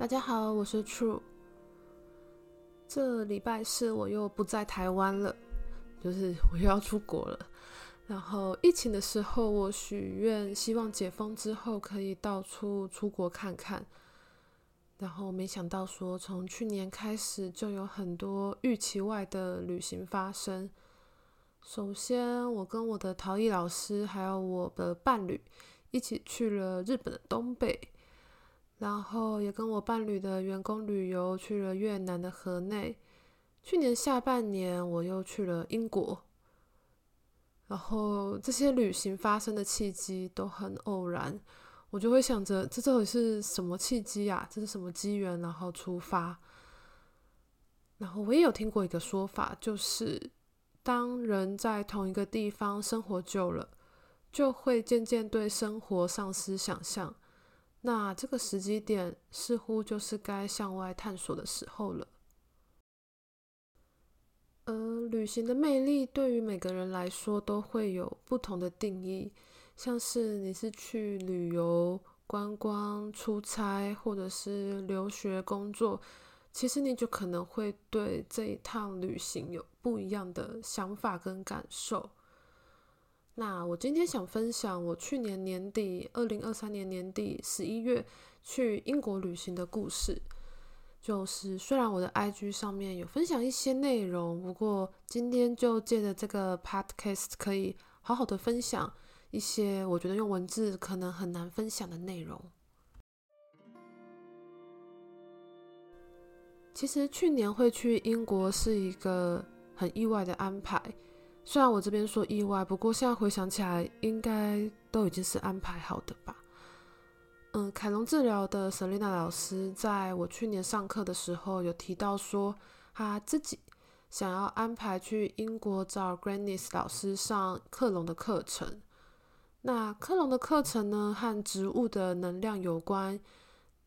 大家好，我是 True。這禮拜四我又不在台灣了，就是我又要出國了。然後疫情的時候，我許願希望解封之後可以到處出國看看。然後沒想到說，從去年開始就有很多預期外的旅行發生。首先，我跟我的陶藝老師還有我的伴侶一起去了日本的東北。然後也跟我伴侶的員工旅遊去了越南的河內。去年下半年我又去了英國。然後這些旅行發生的契機都很偶然，我就會想着這到底是什麼契機啊？這是什麼機緣？然後出發。然後我也有聽過一個說法，就是當人在同一個地方生活久了，就會漸漸對生活喪失想象。那這個時機點似乎就是該向外探索的時候了。呃，旅行的魅力對於每個人來說都會有不同的定義，像是你是去旅遊、觀光、出差，或者是留學、工作，其實你就可能會對這一趟旅行有不一樣的想法跟感受。那我今天想分享我去年年底，二零二三年年底，十一月去英國旅行的故事。就是雖然我的 IG 上面有分享一些內容，不過今天就借着這個 Podcast 可以好好的分享一些我覺得用文字可能很難分享的內容。其實去年會去英國是一個很意外的安排。雖然我這邊說意外，不過現在回想起來，應該都已經是安排好的吧。嗯，凱龍治療的沈麗娜老師，在我去年上課的時候有提到說，她自己想要安排去英國找 Grannis 老師上克隆的課程。那克隆的課程呢，和植物的能量有關，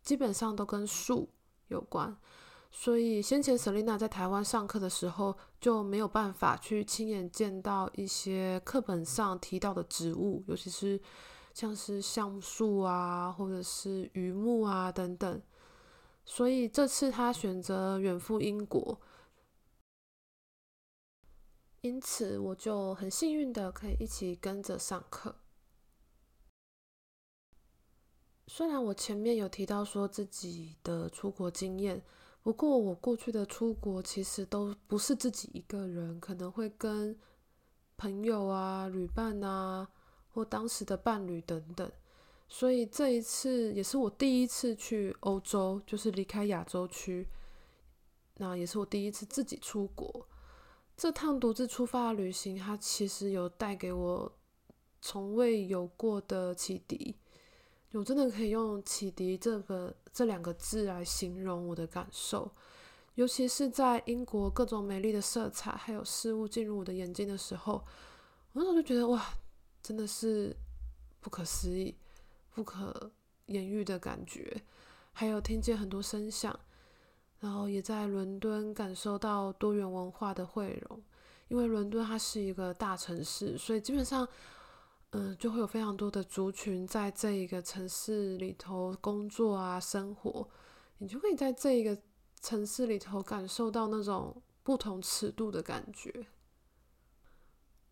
基本上都跟樹有關。所以，先前 Selina 在台灣上課的時候就沒有辦法去親眼見到一些課本上提到的植物，尤其是像是橡樹啊，或者是榆木啊等等。所以這次她選擇遠赴英國，因此我就很幸運的可以一起跟着上課。雖然我前面有提到說自己的出國經驗，不過我過去的出國其實都不是自己一個人，可能會跟朋友啊、旅伴啊，或當時的伴侶等等。所以這一次也是我第一次去歐洲，就是離開亞洲區，那也是我第一次自己出國。這趟獨自出發的旅行，它其實有帶給我從未有過的啟迪。我真的可以用“啟迪”這個這兩個字來形容我的感受，尤其是在英國各種美麗的色彩還有事物進入我的眼睛的時候，我那時候就覺得哇，真的是不可思議、不可言喻的感覺。還有聽見很多聲響，然後也在倫敦感受到多元文化的匯融，因為倫敦它是一個大城市，所以基本上。嗯，就會有非常多的族群在這一個城市裡頭工作啊、生活，你就可以在這一個城市裡頭感受到那種不同尺度的感覺。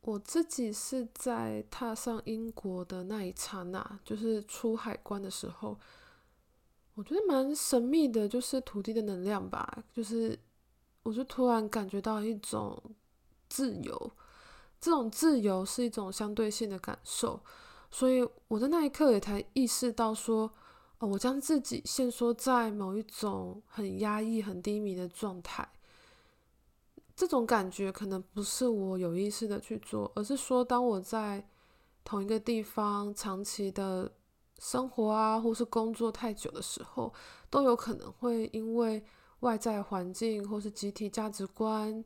我自己是在踏上英國的那一剎那，就是出海關的時候，我覺得蠻神秘的，就是土地的能量吧，就是我就突然感覺到一種自由。這種自由是一種相對性的感受，所以我在那一刻也才意識到說，哦，我將自己限縮在某一種很壓抑、很低迷的狀態。這種感覺可能不是我有意識的去做，而是說，當我在同一個地方長期的生活啊，或是工作太久的時候，都有可能會因為外在環境或是集體價值觀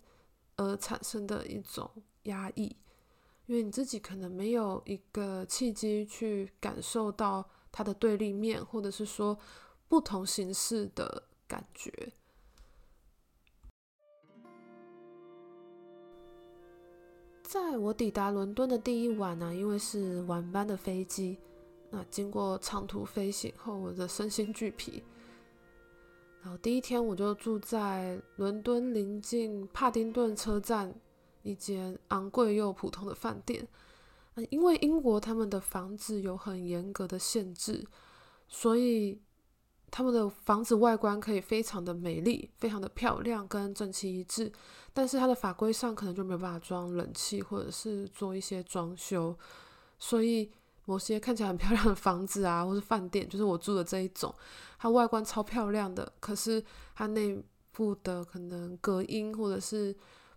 而產生的一種壓抑，因為你自己可能沒有一個契機去感受到它的對立面，或者是說不同形式的感覺。在我抵達倫敦的第一晚呢、啊，因為是晚班的飛機，那經過長途飛行後，我的身心俱疲。然後第一天我就住在倫敦鄰近帕丁頓車站，一間昂貴又普通的飯店，因為英國他們的房子有很嚴格的限制，所以他們的房子外觀可以非常的美麗、非常的漂亮跟整齊一致，但是它的法規上可能就沒有辦法裝冷氣或者是做一些裝修，所以某些看起來很漂亮的房子啊，或是飯店，就是我住的這一種，它外觀超漂亮的，可是它內部的可能隔音或者是。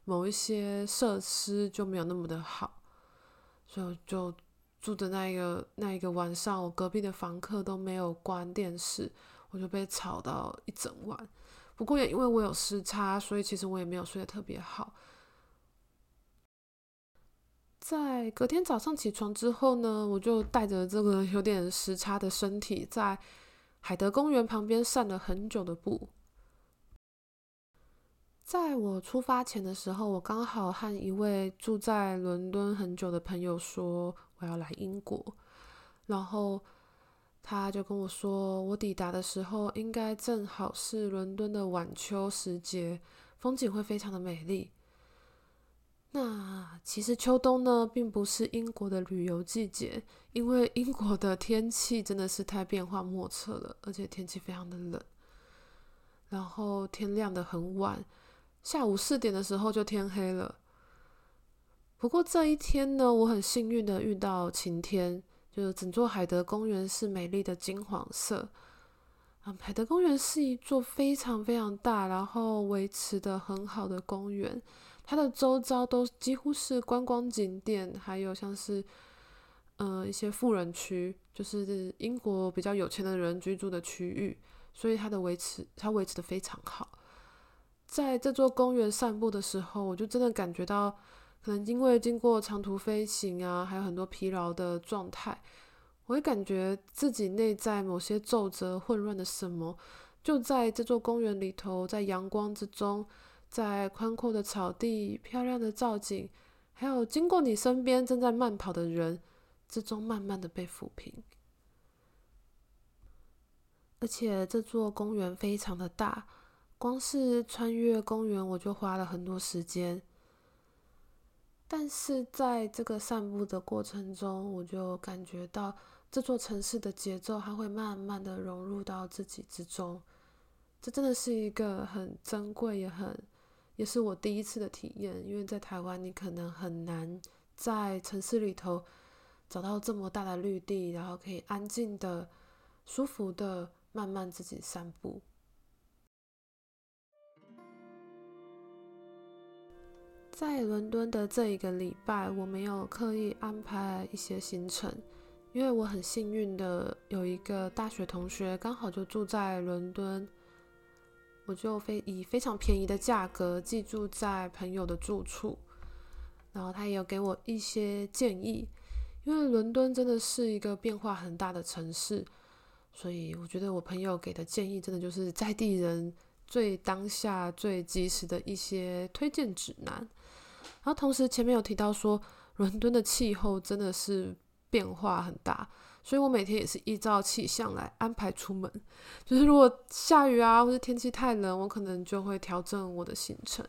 某一些設施就沒有那麼的好，所以就住的那一個那一個晚上，我隔壁的房客都沒有關電視，我就被吵到一整晚。不過也因為我有時差，所以其實我也沒有睡得特別好。在隔天早上起床之後呢，我就帶着這個有點時差的身體，在海德公園旁邊散了很久的步。在我出發前的時候，我剛好和一位住在倫敦很久的朋友說我要來英國，然後他就跟我說，我抵達的時候應該正好是倫敦的晚秋時節，風景會非常的美麗。那其實秋冬呢，並不是英國的旅遊季節，因為英國的天氣真的是太變化莫測了，而且天氣非常的冷，然後天亮得很晚。下午四點的時候就天黑了。不過這一天呢，我很幸運的遇到晴天，就是整座海德公園是美麗的金黃色。海德公園是一座非常非常大，然後維持的很好的公園。它的周遭都幾乎是觀光景點，還有像是，呃，一些富人區，就是英國比較有錢的人居住的區域，所以它的維持，它維持的非常好。在這座公園散步的時候，我就真的感覺到，可能因為經過長途飛行啊，還有很多疲勞的狀態，我會感覺自己內在某些皺褶、混亂的什麼，就在這座公園裡頭，在陽光之中，在寬闊的草地、漂亮的造景，還有經過你身邊正在慢跑的人之中，慢慢的被撫平。而且這座公園非常的大。光是穿越公園，我就花了很多時間。但是在這個散步的過程中，我就感覺到這座城市的節奏，它會慢慢的融入到自己之中。這真的是一個很珍貴，也很，也是我第一次的體驗，因為在台灣，你可能很難在城市裡頭找到這麼大的綠地，然後可以安靜的、舒服的慢慢自己散步。在倫敦的這一個禮拜，我沒有刻意安排一些行程，因為我很幸運的有一個大學同學剛好就住在倫敦，我就非以非常便宜的價格寄住在朋友的住處，然後他也有給我一些建議，因為倫敦真的是一個變化很大的城市，所以我覺得我朋友給的建議真的就是在地人最當下最及時的一些推薦指南。然後同時前面有提到說，倫敦的氣候真的是變化很大，所以我每天也是依照氣象來安排出門。就是如果下雨啊，或是天氣太冷，我可能就會調整我的行程。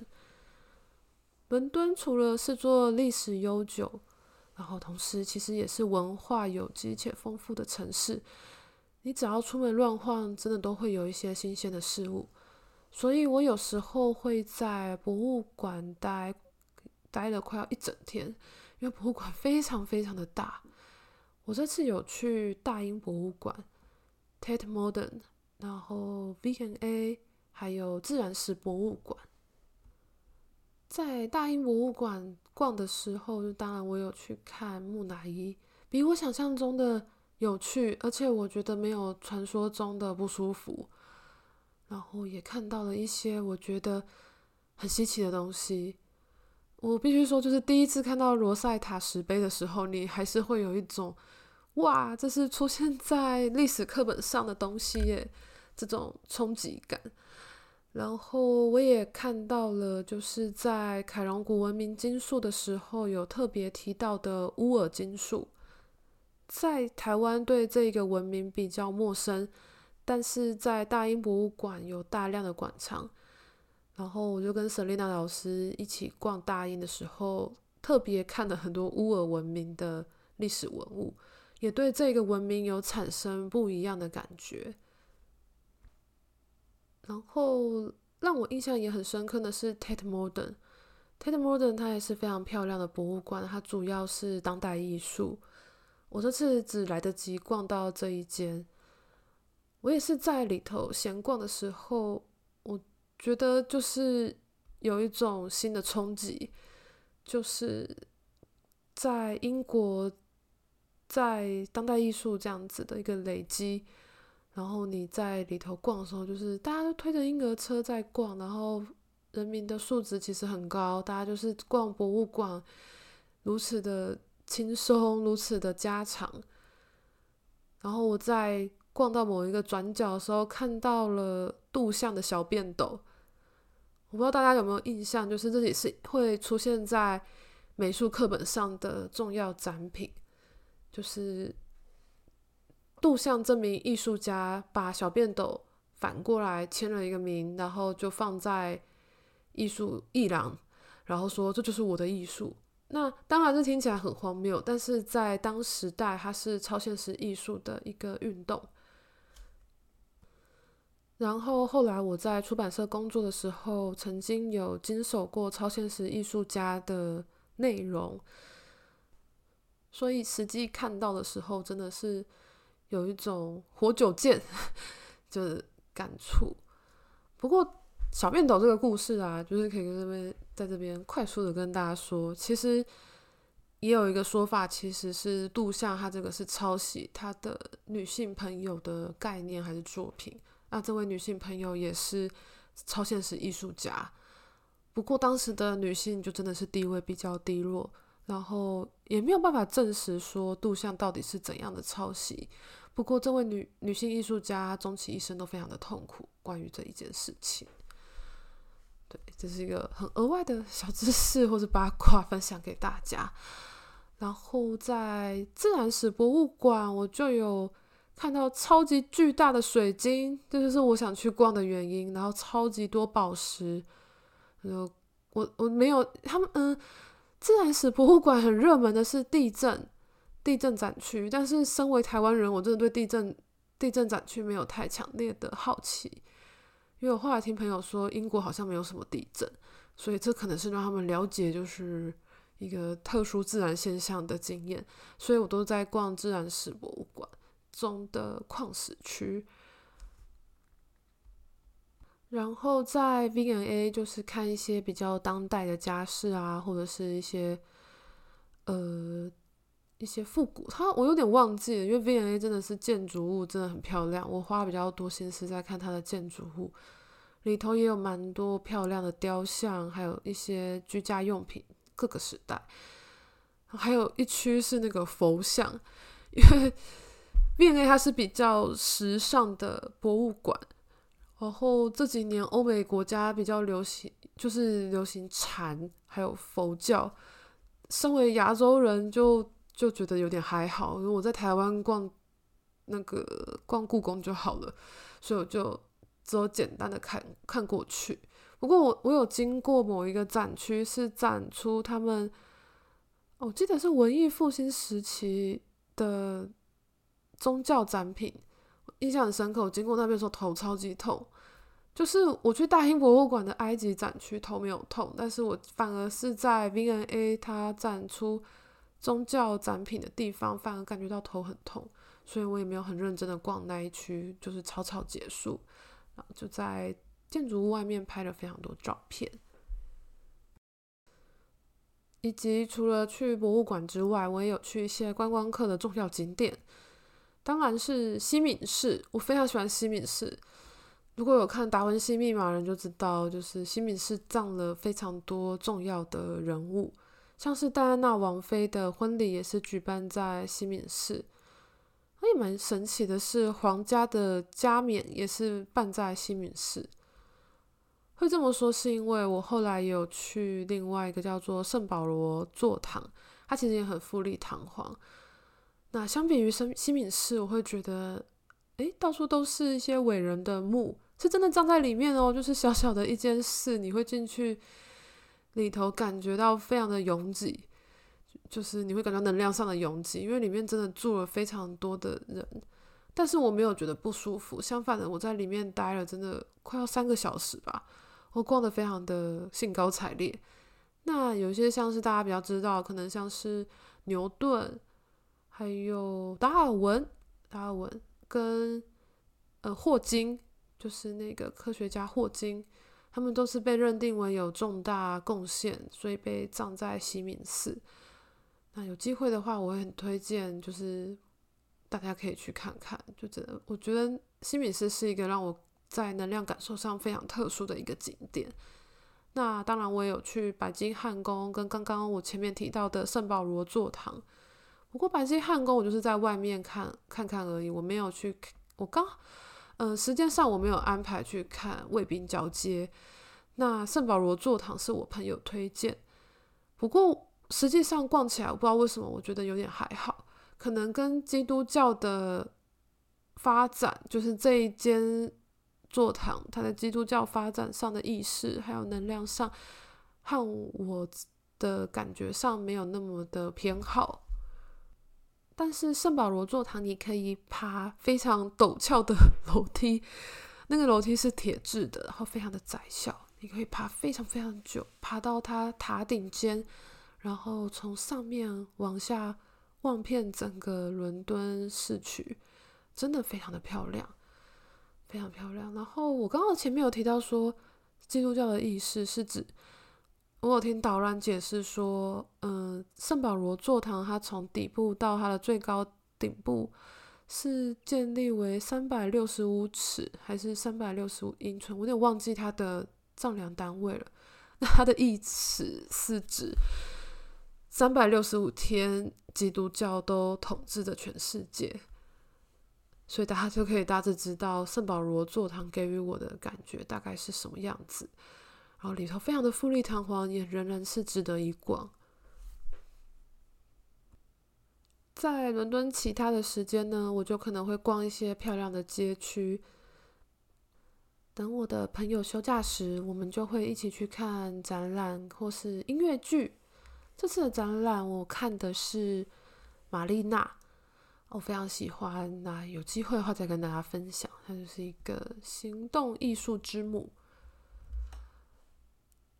倫敦除了是座歷史悠久，然後同時其實也是文化有機且豐富的城市，你只要出門亂晃，真的都會有一些新鮮的事物。所以我有時候會在博物館待。待了快要一整天，因為博物館非常非常的大。我這次有去大英博物館、Tate Modern 然後 V&A，還有自然史博物館。在大英博物館逛的時候，就當然我有去看木乃伊，比我想象中的有趣，而且我覺得沒有傳說中的不舒服。然後也看到了一些我覺得很稀奇的東西。我必須說，就是第一次看到羅塞塔石碑的時候，你還是會有一種“哇，這是出現在歷史課本上的東西耶”這種衝擊感。然後我也看到了，就是在凱龍古文明金樹的時候，有特別提到的烏爾金樹，在台灣對這個文明比較陌生，但是在大英博物館有大量的館藏。然後我就跟 Selina 老師一起逛大英的時候，特別看了很多烏爾文明的歷史文物，也對這個文明有產生不一樣的感覺。然後讓我印象也很深刻的是 Tate Modern，Tate Modern 它也是非常漂亮的博物館，它主要是當代藝術。我這次只來得及逛到這一間，我也是在裡頭閒逛的時候，覺得就是有一種新的衝擊，就是在英國，在當代藝術這樣子的一個累積，然後你在裡頭逛的時候，就是大家都推着嬰兒車在逛，然後人民的素質其實很高，大家就是逛博物館如此的輕鬆，如此的家常。然後我在逛到某一個轉角的時候，看到了杜象的小便斗。我不知道大家有沒有印象，就是這裡是會出現在美術課本上的重要展品，就是杜象這名藝術家把小便斗反過來簽了一個名，然後就放在藝術藝廊，然後說這就是我的藝術。那當然這聽起來很荒謬，但是在當時代它是超現實藝術的一個運動。然後後來我在出版社工作的時候，曾經有經手過超現實藝術家的內容，所以實際看到的時候，真的是有一種“活久見”的感觸。不過小便斗這個故事啊，就是可以跟這邊在這邊快速的跟大家說，其實也有一個說法，其實是杜象他這個是抄襲他的女性朋友的概念還是作品？那、啊、這位女性朋友也是超現實藝術家，不過當時的女性就真的是地位比較低落，然後也沒有辦法證實說杜象到底是怎樣的抄襲。不過這位女女性藝術家終其一生都非常的痛苦，關於這一件事情。對，這是一個很額外的小知識或是八卦，分享給大家。然後在自然史博物館，我就有。看到超級巨大的水晶，這就是我想去逛的原因。然後超級多寶石，然後我我，我沒有他們嗯，自然史博物館很熱門的是地震，地震展區。但是身為台灣人，我真的對地震、地震展區沒有太強烈的好奇，因為我後來聽朋友說英國好像沒有什麼地震，所以這可能是讓他們了解就是一個特殊自然現象的經驗。所以我都在逛自然史博物館，中的礦石區，然後在 V&A 就是看一些比較當代的家飾啊，或者是一些呃一些復古。它我有點忘記了，因為 V&A 真的是建築物真的很漂亮，我花了比較多心思在看它的建築物，裡頭也有蠻多漂亮的雕像，還有一些居家用品，各個時代。還有一區是那個佛像，因為。因為它是比較時尚的博物館，然後這幾年歐美國家比較流行，就是流行禪還有佛教。身為亞洲人就，就就覺得有點還好，如果我在台灣逛那個逛故宮就好了，所以我就只有簡單的看看過去。不過我我有經過某一個展區，是展出他們，我記得是文藝復興時期的。宗教展品，我印象很深刻。我經過那邊的時候，頭超級痛。就是我去大英博物館的埃及展區，頭沒有痛，但是我反而是在 V&A 它展出宗教展品的地方，反而感覺到頭很痛。所以我也沒有很認真的逛那一區，就是草草結束，然後就在建築物外面拍了非常多照片。以及除了去博物館之外，我也有去一些觀光客的重要景點。當然是西敏寺，我非常喜歡西敏寺。如果有看《達文西密碼》人就知道，就是西敏寺葬了非常多重要的人物，像是戴安娜王妃的婚禮也是舉辦在西敏寺。且蠻神奇的是，皇家的加冕也是辦在西敏寺。會這麼說是因為我後來也有去另外一個叫做聖保羅座堂，它其實也很富麗堂皇。那相比於西敏寺，我會覺得，誒，到處都是一些偉人的墓，是真的葬在裡面哦。就是小小的一間室，你會進去裡頭，感覺到非常的擁擠，就是你會感覺到能量上的擁擠，因為裡面真的住了非常多的人。但是我沒有覺得不舒服，相反的，我在裡面待了真的快要三個小時吧，我逛得非常的興高采烈。那有些像是大家比較知道，可能像是牛頓。還有達爾文，達爾文跟呃霍金，就是那個科學家霍金，他們都是被認定為有重大貢獻，所以被葬在西敏寺。那有機會的話，我會很推薦，就是大家可以去看看。就這，我覺得西敏寺是一個讓我在能量感受上非常特殊的一個景點。那當然，我也有去白金漢宮，跟剛剛我前面提到的聖保羅座堂。不過白金漢宮，我就是在外面看看看而已，我沒有去。我剛，嗯、呃，時間上我沒有安排去看衛兵交接。那聖保羅座堂是我朋友推薦，不過實際上逛起來，我不知道為什麼，我覺得有點還好。可能跟基督教的發展，就是這一間座堂，它在基督教發展上的意識還有能量上，和我的感覺上沒有那麼的偏好。但是聖保羅座堂，你可以爬非常陡峭的樓梯，那個樓梯是鐵製的，然後非常的窄小，你可以爬非常非常久，爬到它塔頂尖，然後從上面往下望遍整個倫敦市區，真的非常的漂亮，非常漂亮。然後我剛剛前面有提到說，基督教的意思是指。我有聽導覽解釋說，嗯，聖保羅座堂它從底部到它的最高頂部是建立為三百六十五尺還是三百六十五英寸？我有點忘記它的丈量單位了。那它的一尺是指三百六十五天，基督教都統治着全世界，所以大家就可以大致知道聖保羅座堂給予我的感覺大概是什麼樣子。然後裡頭非常的富麗堂皇，也仍然是值得一逛。在倫敦其他的時間呢，我就可能會逛一些漂亮的街區。等我的朋友休假時，我們就會一起去看展覽或是音樂劇。這次的展覽我看的是《瑪麗娜》，我非常喜歡。那有機會的話再跟大家分享。它就是一個行動藝術之母。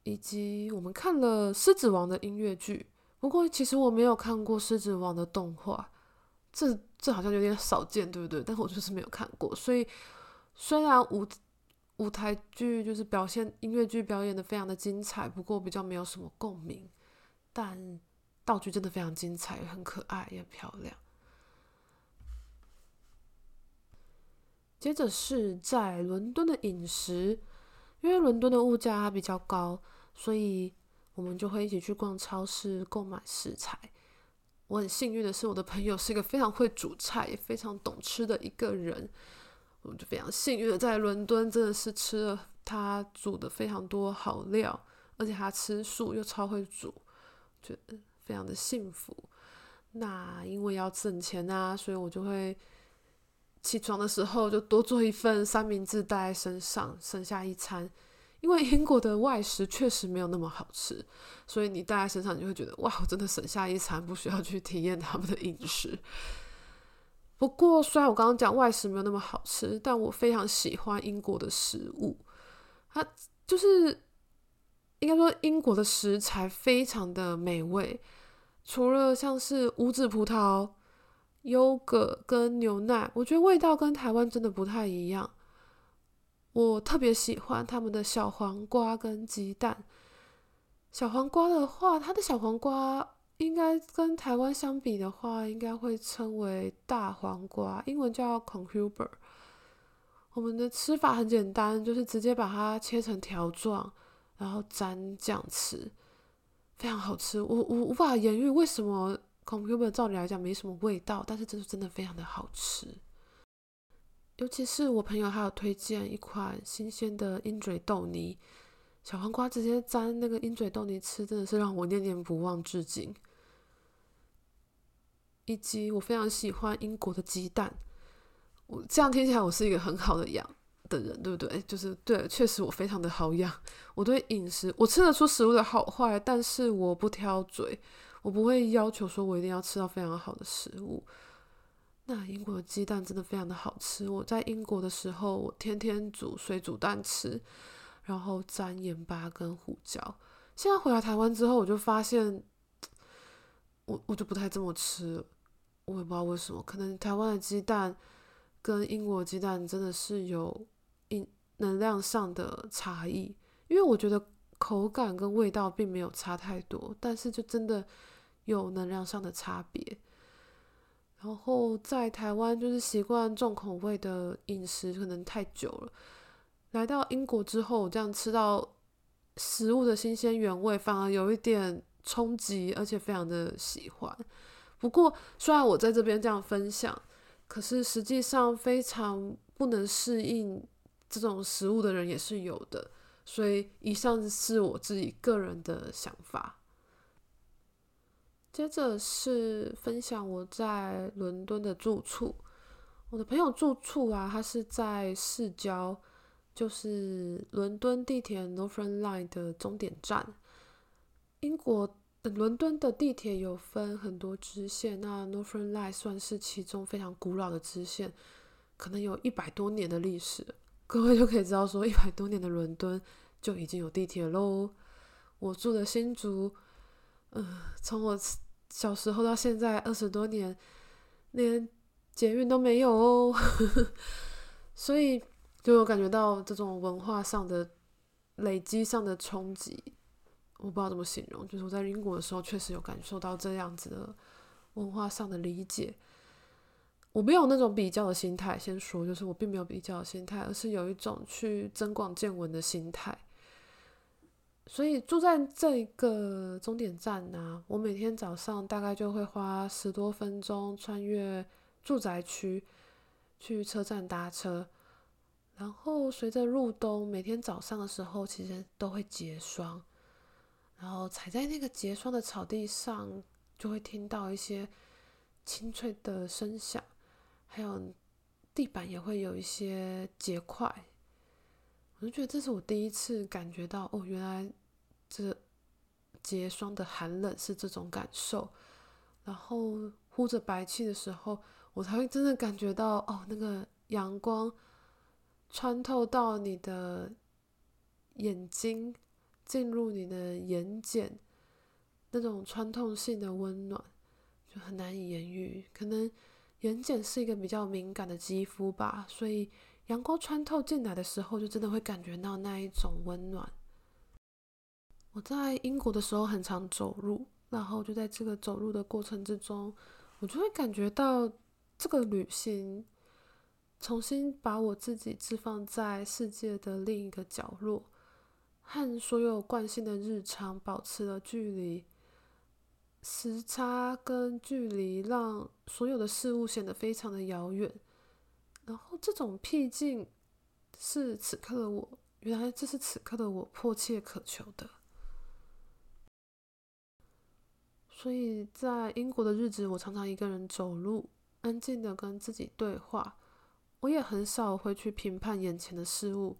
以及我們看了《獅子王》的音樂劇，不過其實我沒有看過《獅子王》的動畫，這這好像有點少見，對不對？但我就是沒有看過。所以雖然舞舞台劇就是表現音樂劇表演得非常的精彩，不過比較沒有什麼共鳴，但道具真的非常精彩，也很可愛也很漂亮。接着是在倫敦的飲食，因為倫敦的物價比較高。所以，我們就會一起去逛超市購買食材。我很幸運的是，我的朋友是一個非常會煮菜也非常懂吃的一個人。我就非常幸運，在倫敦真的是吃了他煮的非常多好料，而且他吃素又超會煮，我覺得非常的幸福。那因為要掙錢啊，所以我就會起床的時候就多做一份三明治帶在身上，剩下一餐。因為英國的外食確實沒有那麼好吃，所以你帶在身上，你就會覺得哇，我真的省下一餐，不需要去體驗他們的飲食。不過，雖然我剛剛講外食沒有那麼好吃，但我非常喜歡英國的食物。它就是應該說英國的食材非常的美味，除了像是無籽葡萄、優格跟牛奶，我覺得味道跟台灣真的不太一樣。我特別喜歡他們的小黃瓜跟雞蛋。小黃瓜的話，它的小黃瓜應該跟台灣相比的話，應該會稱為大黃瓜，英文叫 cucumber。我們的吃法很簡單，就是直接把它切成條狀，然後蘸醬吃，非常好吃，我我，我無法言喻為什麼 cucumber 照理來講沒什麼味道，但是真的真的非常的好吃。尤其是我朋友還有推薦一款新鮮的鷹嘴豆泥，小黃瓜直接沾那個鷹嘴豆泥吃，真的是讓我念念不忘至今。以及我非常喜歡英國的雞蛋，我這樣聽起來我是一個很好的養的人，對不對？就是對，確實我非常的好養。我對飲食，我吃得出食物的好壞，但是我不挑嘴，我不會要求說我一定要吃到非常好的食物。那、啊、英國的雞蛋真的非常的好吃。我在英國的時候，我天天煮水煮蛋吃，然後沾鹽巴跟胡椒。現在回來台灣之後，我就發現，我我就不太這麼吃了。我也不知道為什麼，可能台灣的雞蛋跟英國雞蛋真的是有能量上的差異。因為我覺得口感跟味道並沒有差太多，但是就真的有能量上的差別。然後在台灣就是習慣重口味的飲食，可能太久了。來到英國之後，我這樣吃到食物的新鮮原味，反而有一點衝擊，而且非常的喜歡。不過，雖然我在這邊這樣分享，可是實際上非常不能適應這種食物的人也是有的。所以，以上是我自己個人的想法。接着是分享我在倫敦的住處，我的朋友住處啊，他是在市郊，就是倫敦地鐵 Northern Line 的終點站。英國倫敦的地鐵有分很多支線，那 Northern Line 算是其中非常古老的支線，可能有一百多年的歷史。各位就可以知道說，一百多年的倫敦就已經有地鐵咯。我住的新竹。嗯、呃，從我小時候到現在二十多年，連捷運都沒有哦， 所以就我感覺到這種文化上的累積上的衝擊，我不知道怎麼形容。就是我在英國的時候，確實有感受到這樣子的文化上的理解。我沒有那種比較的心態，先說就是我並沒有比較的心態，而是有一種去增廣見聞的心態。所以住在這一個終點站呢、啊，我每天早上大概就會花十多分鐘穿越住宅區去車站搭車。然後隨着入冬，每天早上的時候其實都會結霜，然後踩在那個結霜的草地上，就會聽到一些清脆的聲響，還有地板也會有一些結塊。我就覺得這是我第一次感覺到哦，原來。這結霜的寒冷是這種感受，然後呼着白氣的時候，我才會真的感覺到哦，那個陽光穿透到你的眼睛，進入你的眼瞼，那種穿透性的溫暖就很難以言喻。可能眼瞼是一個比較敏感的肌膚吧，所以陽光穿透進來的時候，就真的會感覺到那一種溫暖。我在英國的時候很常走路，然後就在這個走路的過程之中，我就會感覺到這個旅行重新把我自己置放在世界的另一個角落，和所有慣性的日常保持了距離。時差跟距離讓所有的事物顯得非常的遙遠，然後這種僻靜是此刻的我，原來這是此刻的我迫切渴求的。所以在英國的日子，我常常一個人走路，安靜的跟自己對話。我也很少會去評判眼前的事物，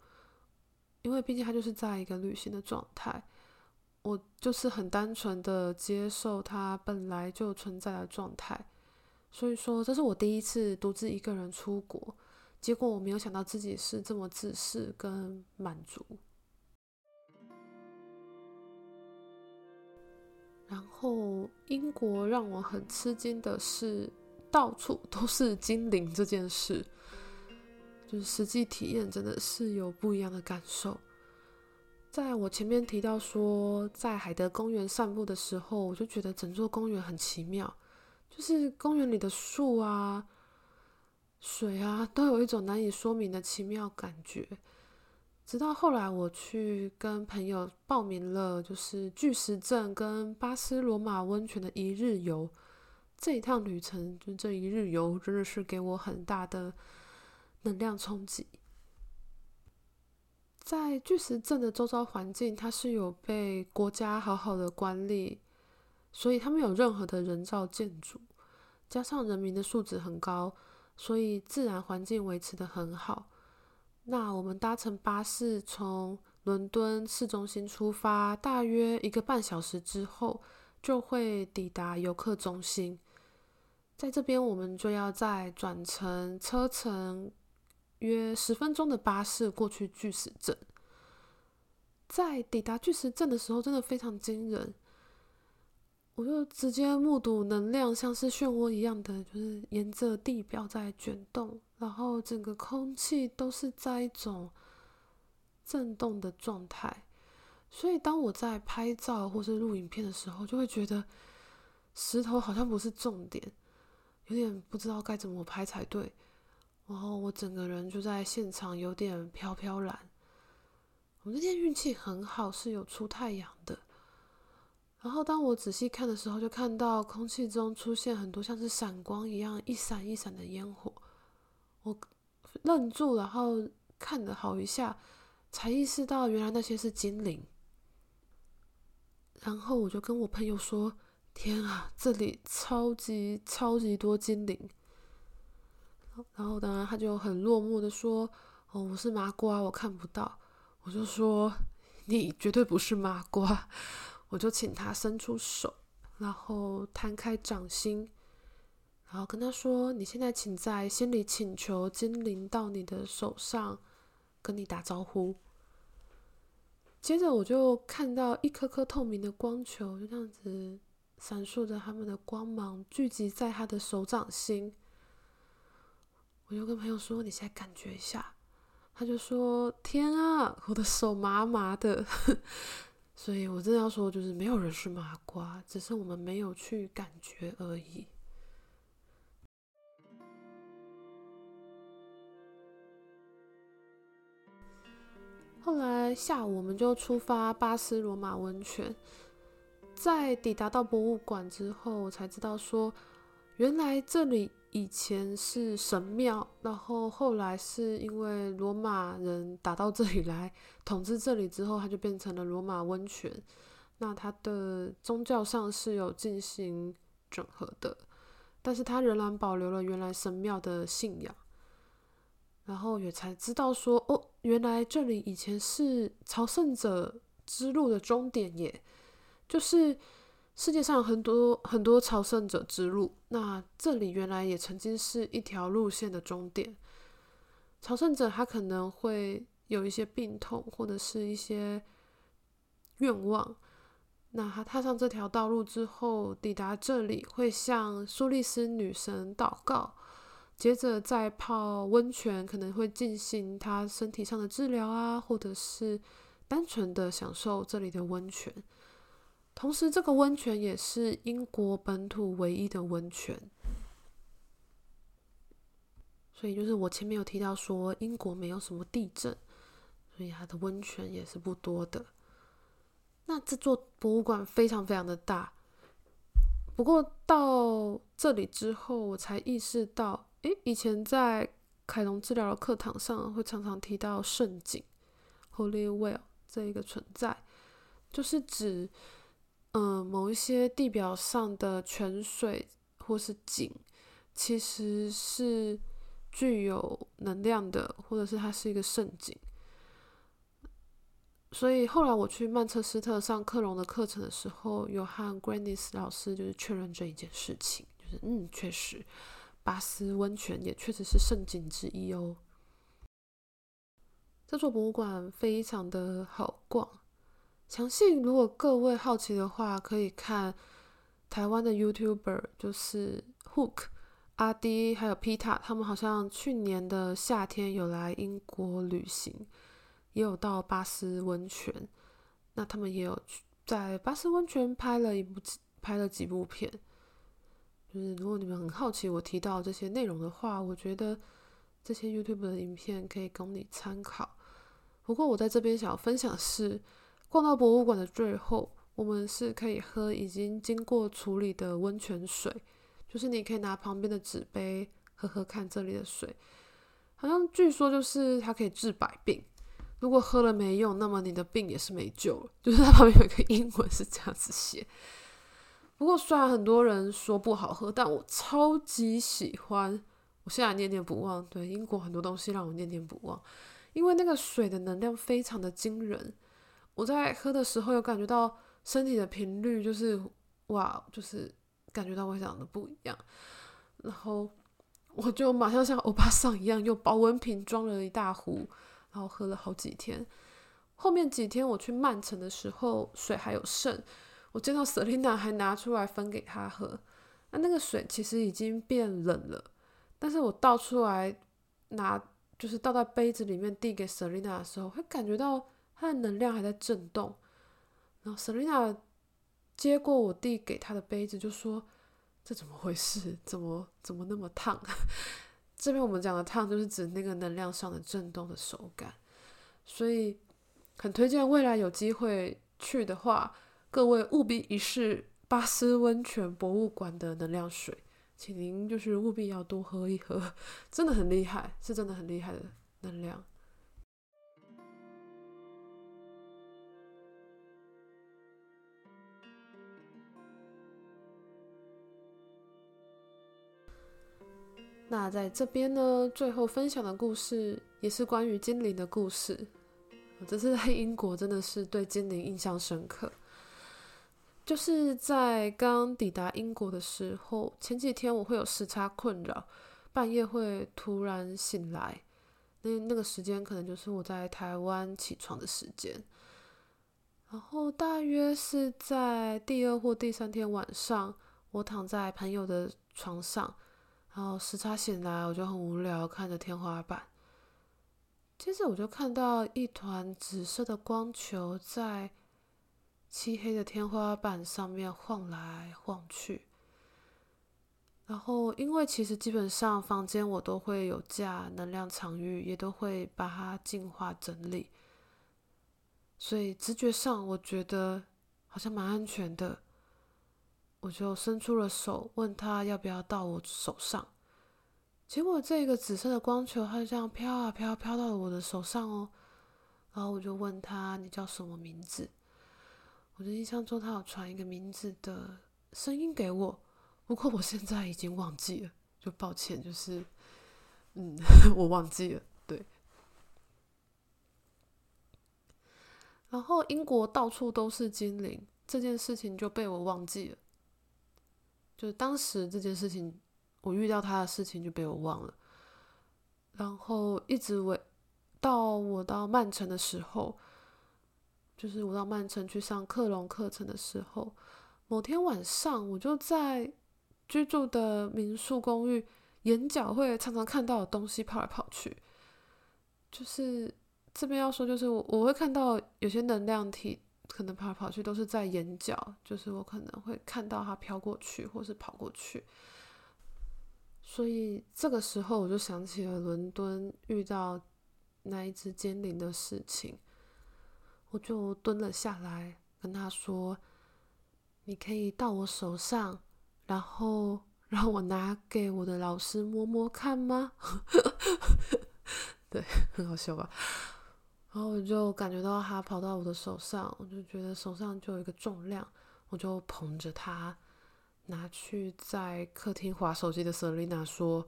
因為畢竟他就是在一個旅行的狀態。我就是很單純的接受他本來就存在的狀態。所以說，這是我第一次獨自一個人出國，結果我沒有想到自己是這麼自私跟滿足。然後，英國讓我很吃驚的是，到處都是精靈這件事，就是實際體驗真的是有不一樣的感受。在我前面提到說，在海德公園散步的時候，我就覺得整座公園很奇妙，就是公園裡的樹啊、水啊，都有一種難以說明的奇妙感覺。直到後來，我去跟朋友報名了，就是巨石陣跟巴斯羅馬溫泉的一日遊。這一趟旅程，就這一日遊，真的是給我很大的能量衝擊。在巨石陣的周遭環境，它是有被國家好好的管理，所以它沒有任何的人造建築，加上人民的素質很高，所以自然環境維持的很好。那我們搭乘巴士從倫敦市中心出發，大約一個半小時之後就會抵達遊客中心。在這邊，我們就要再轉乘車程約十分鐘的巴士過去巨石陣。在抵達巨石陣的時候，真的非常驚人，我就直接目睹能量像是漩渦一樣的，就是沿着地表在捲動。然後整個空氣都是在一種震動的狀態，所以當我在拍照或是錄影片的時候，就會覺得石頭好像不是重點，有點不知道該怎麼拍才對。然後我整個人就在現場有點飄飄然。我們那天運氣很好，是有出太陽的。然後當我仔細看的時候，就看到空氣中出現很多像是閃光一樣一閃一閃的煙火。我愣住，然後看了好一下，才意識到原來那些是精靈。然後我就跟我朋友說：“天啊，這裡超級超級多精靈。”然後呢，他就很落寞地說：“哦，我是麻瓜，我看不到。”我就說：“你絕對不是麻瓜。”我就請他伸出手，然後攤開掌心。然後跟他說：“你現在請在心裡請求精靈到你的手上，跟你打招呼。”接着我就看到一顆顆透明的光球，就這樣子閃爍着他們的光芒，聚集在他的手掌心。我就跟朋友說：“你現在感覺一下。”他就說：“天啊，我的手麻麻的。 ”所以，我真的要說，就是沒有人是麻瓜，只是我們沒有去感覺而已。後來下午我們就出發巴斯羅馬溫泉，在抵達到博物館之後，我才知道說，原來這裡以前是神廟，然後後來是因為羅馬人打到這裡來統治這裡之後，它就變成了羅馬溫泉。那它的宗教上是有進行整合的，但是它仍然保留了原來神廟的信仰。然後也才知道說，哦，原來這裡以前是朝聖者之路的終點耶，就是世界上很多很多朝聖者之路，那這裡原來也曾經是一條路線的終點。朝聖者他可能會有一些病痛，或者是一些願望，那他踏上這條道路之後，抵達這裡會向蘇莉斯女神禱告。接着再泡溫泉，可能會進行他身體上的治療啊，或者是單純的享受這裡的溫泉。同時，這個溫泉也是英國本土唯一的溫泉。所以，就是我前面有提到說，英國沒有什麼地震，所以它的溫泉也是不多的。那這座博物館非常非常的大，不過到這裡之後，我才意識到。誒，以前在凱龍治療的課堂上，會常常提到聖井 （Holy Well） 這一個存在，就是指，嗯，某一些地表上的泉水或是井，其實是具有能量的，或者是它是一個聖井。所以後來我去曼徹斯特上凱龍的課程的時候，有和 Grannis 老師就是確認這一件事情，就是嗯，確實。巴斯溫泉也確實是盛景之一哦。這座博物館非常的好逛，相信如果各位好奇的話，可以看台灣的 YouTuber 就是 Hook 阿、阿滴還有 Peeta，他們好像去年的夏天有來英國旅行，也有到巴斯溫泉，那他們也有在巴斯溫泉拍了一部拍了幾部片。就、嗯、是如果你們很好奇我提到這些內容的話，我覺得這些 YouTube 的影片可以供你參考。不過我在這邊想要分享的是，逛到博物館的最後，我們是可以喝已經經過處理的溫泉水，就是你可以拿旁邊的紙杯喝喝看這裡的水。好像據說就是它可以治百病，如果喝了沒用，那麼你的病也是沒救了。就是它旁邊有一個英文是這樣子寫。不過，雖然很多人說不好喝，但我超級喜歡，我現在念念不忘。對，英國很多東西讓我念念不忘，因為那個水的能量非常的驚人。我在喝的時候有感覺到身體的頻率，就是哇，就是感覺到我長得不一樣。然後我就馬上像歐巴桑一樣，用保溫瓶裝了一大壺，然後喝了好幾天。後面幾天我去曼城的時候，水還有剩。我見到瑟琳娜還拿出來分給他喝，那那個水其實已經變冷了，但是我倒出來拿，就是倒到杯子裡面遞給瑟琳娜的時候，會感覺到它的能量還在震動。然後瑟琳娜接過我遞給她的杯子，就說：“這怎麼回事？怎麼怎麼那麼燙？”這邊我們講的燙，就是指那個能量上的震動的手感。所以，很推薦未來有機會去的話。各位務必一試巴斯溫泉博物館的能量水，請您就是務必要多喝一喝，真的很厲害，是真的很厲害的能量。 那在這邊呢，最後分享的故事也是關於精靈的故事。我這次在英國真的是對精靈印象深刻。就是在剛抵達英國的時候，前幾天我會有時差困擾，半夜會突然醒來。那那個時間可能就是我在台灣起床的時間。然後大約是在第二或第三天晚上，我躺在朋友的床上，然後時差醒來，我就很無聊，看着天花板。接着我就看到一團紫色的光球在漆黑的天花板上面晃來晃去，然後因為其實基本上房間我都會有架能量場域，也都會把它淨化整理，所以直覺上我覺得好像蠻安全的。我就伸出了手，問他要不要到我手上。結果這個紫色的光球它就這樣飄啊飄啊，飄到了我的手上哦。然後我就問他：“你叫什麼名字？”我的印象中，他有傳一個名字的聲音給我，不過我現在已經忘記了，就抱歉，就是嗯，我忘記了。對，然後英國到處都是精靈這件事情就被我忘記了，就是當時這件事情，我遇到他的事情就被我忘了，然後一直我到我到曼城的時候。就是我到曼城去上克隆課程的時候，某天晚上我就在居住的民宿公寓，眼角會常常看到的東西跑來跑去。就是這邊要說，就是我我會看到有些能量體可能跑來跑去，都是在眼角，就是我可能會看到它飄過去或是跑過去。所以這個時候我就想起了倫敦遇到那一隻精靈的事情。我就蹲了下來，跟他說：“你可以到我手上，然後讓我拿給我的老師摸摸看嗎？” 對，很好笑吧，啊？然後我就感覺到他跑到我的手上，我就覺得手上就有一個重量，我就捧着他，拿去在客廳滑手機的 Selina 說：“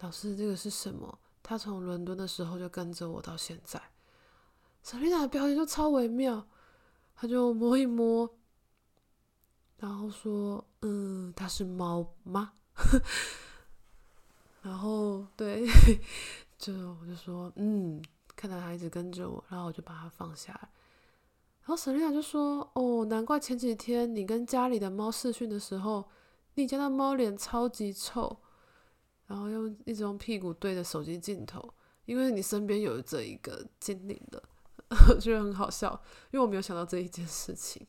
老師，這個是什麼？”他從倫敦的時候就跟着我到現在。沈麗娜的表演就超微妙，她就摸一摸，然後說：“嗯，它是貓嗎？” 然後對，就我就說：“嗯，看到它一直跟著我，然後我就把它放下來。”然後沈麗娜就說：“哦，難怪前幾天你跟家裡的貓視訊的時候，你家的貓臉超級臭，然後又一直用屁股對着手機鏡頭，因為你身邊有這一個精靈的。”我覺得很好笑，因為我沒有想到這一件事情。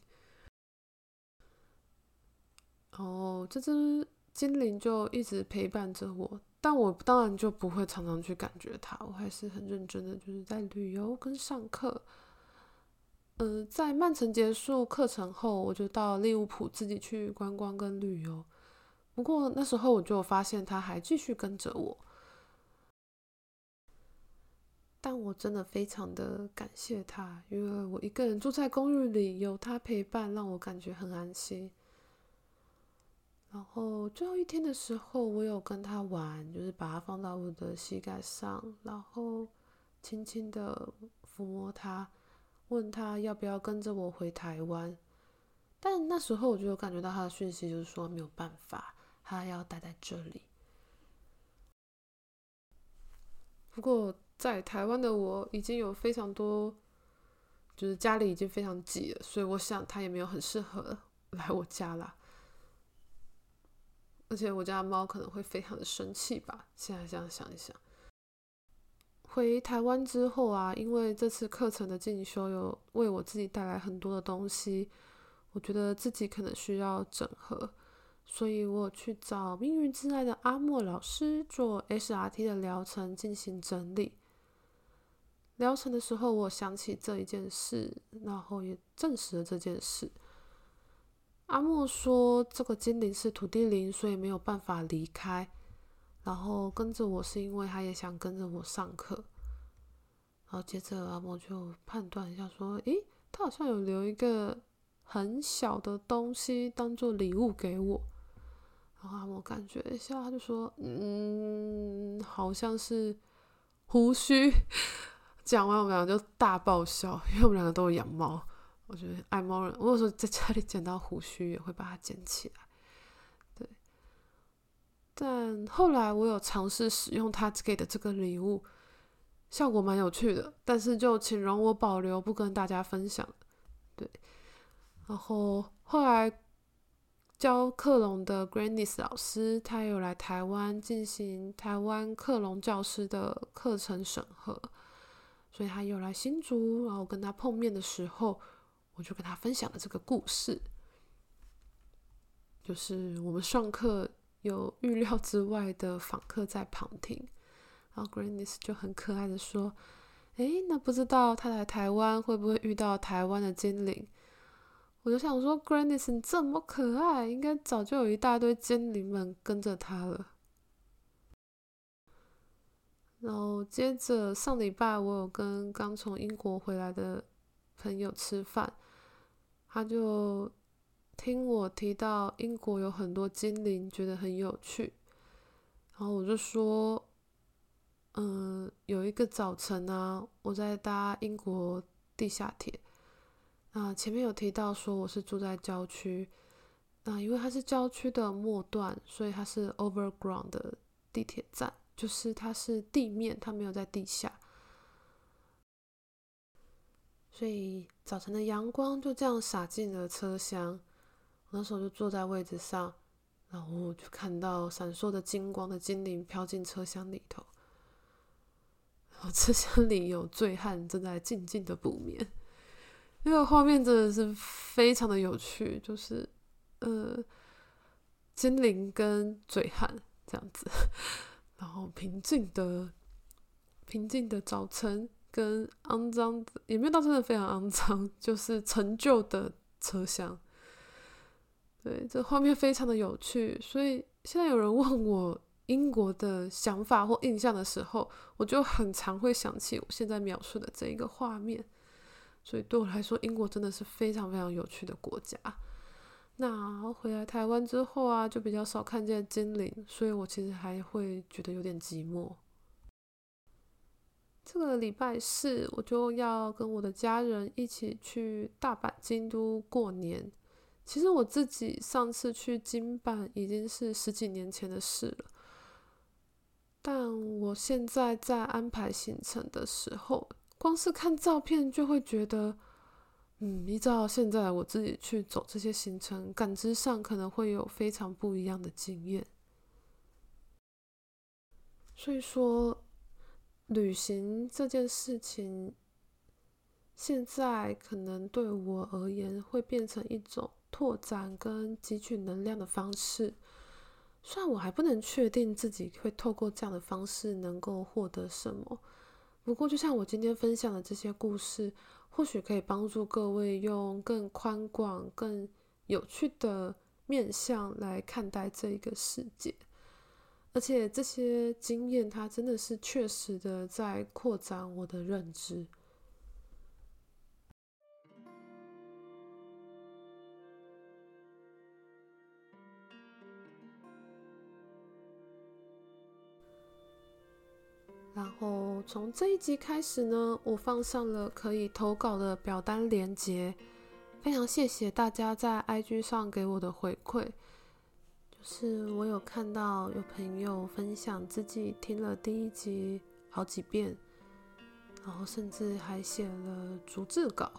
哦，這隻精靈就一直陪伴着我，但我當然就不會常常去感覺它，我還是很認真的，就是在旅遊跟上課。嗯，在曼城結束課程後，我就到利物浦自己去觀光跟旅遊。不過那時候我就發現它還繼續跟着我。但我真的非常的感謝他，因為我一個人住在公寓裡，有他陪伴，讓我感覺很安心。然後最後一天的時候，我有跟他玩，就是把他放到我的膝蓋上，然後輕輕的撫摸他，問他要不要跟着我回台灣。但那時候我就有感覺到他的訊息，就是說沒有辦法，他要待在這裡。不過。在台灣的我已經有非常多，就是家裡已經非常擠了，所以我想他也沒有很適合來我家啦。而且我家貓可能會非常的生氣吧。現在這樣想一想，回台灣之後啊，因為這次課程的進修有為我自己帶來很多的東西，我覺得自己可能需要整合，所以我去找命運之愛的阿莫老師做 SRT 的療程進行整理。療程的時候，我想起這一件事，然後也證實了這件事。阿莫說，這個精靈是土地靈，所以沒有辦法離開。然後跟着我是因為他也想跟着我上課。然後接着阿莫就判斷一下說：“誒，他好像有留一個很小的東西當做禮物給我。”然後阿莫感覺一下，他就說：“嗯，好像是鬍鬚。”講完我們兩個就大爆笑，因為我們兩個都有養貓。我覺得愛貓人，我有時候在家裡撿到鬍鬚也會把它撿起來。對，但後來我有嘗試使用他給的這個禮物，效果蠻有趣的，但是就請容我保留不跟大家分享。對，然後後來教克隆的 Grannis 老師，他有來台灣進行台灣克隆教師的課程審核。所以他又來新竹，然後我跟他碰面的時候，我就跟他分享了這個故事，就是我們上課有預料之外的訪客在旁聽，然後 Grannis 就很可愛的說：“哎，那不知道他來台灣會不會遇到台灣的精靈？”我就想說，Grannis 你這麼可愛，應該早就有一大堆精靈們跟着他了。然後接着上禮拜，我有跟剛從英國回來的朋友吃飯，他就聽我提到英國有很多精靈，覺得很有趣。然後我就說，嗯，有一個早晨啊，我在搭英國地下鐵，那前面有提到說我是住在郊區，那因為它是郊區的末段，所以它是 Overground 的地鐵站。就是它是地面，它沒有在地下，所以早晨的陽光就這樣灑進了車廂。我那時候就坐在位置上，然後就看到閃爍的金光的精靈飄進車廂裡頭。然後車廂裡有醉漢正在靜靜的補眠，那個畫面真的是非常的有趣，就是呃，精靈跟醉漢這樣子。然後平靜的、平靜的早晨，跟骯髒的，也沒有到真的非常骯髒，就是陳舊的車廂。對，這畫面非常的有趣。所以現在有人問我英國的想法或印象的時候，我就很常會想起我現在描述的這一個畫面。所以對我來說，英國真的是非常非常有趣的國家。那回來台灣之後啊，就比較少看見精靈，所以我其實還會覺得有點寂寞。這個禮拜四，我就要跟我的家人一起去大阪京都過年。其實我自己上次去京阪已經是十幾年前的事了，但我現在在安排行程的時候，光是看照片就會覺得。嗯，依照現在我自己去走這些行程，感知上可能會有非常不一樣的經驗。所以說，旅行這件事情，現在可能對我而言會變成一種拓展跟汲取能量的方式。雖然我還不能確定自己會透過這樣的方式能夠獲得什麼，不過就像我今天分享的這些故事。或許可以幫助各位用更寬廣、更有趣的面向來看待這一個世界，而且這些經驗，它真的是確實的在擴展我的認知。哦，從這一集開始呢，我放上了可以投稿的表單鏈接。非常謝謝大家在 IG 上給我的回饋，就是我有看到有朋友分享自己聽了第一集好幾遍，然後甚至還寫了逐字稿，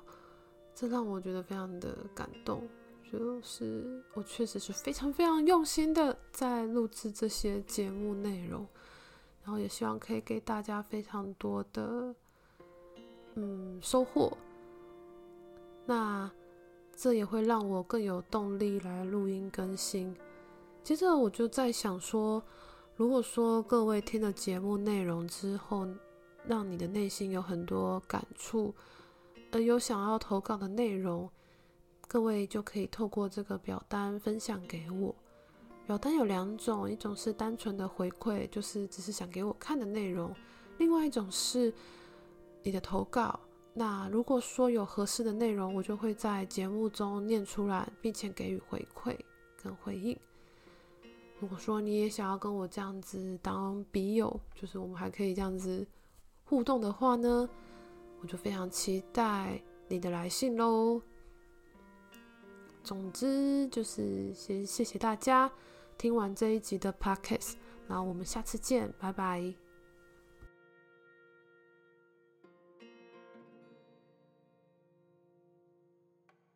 這讓我覺得非常的感動。就是我確實是非常非常用心的在錄制這些節目內容。然後也希望可以給大家非常多的，嗯，收穫。那這也會讓我更有動力來錄音更新。接着我就在想說，如果說各位聽了節目內容之後，讓你的內心有很多感觸，呃，有想要投稿的內容，各位就可以透過這個表單分享給我。表單有兩種，一種是單純的回饋，就是只是想給我看的內容；另外一種是你的投稿。那如果說有合適的內容，我就會在節目中念出來，並且給予回饋跟回應。如果說你也想要跟我這樣子當筆友，就是我們還可以這樣子互動的話呢，我就非常期待你的來信囉。總之，就是先謝謝大家。聽完這一集的 Podcast，然後我們下次見，拜拜。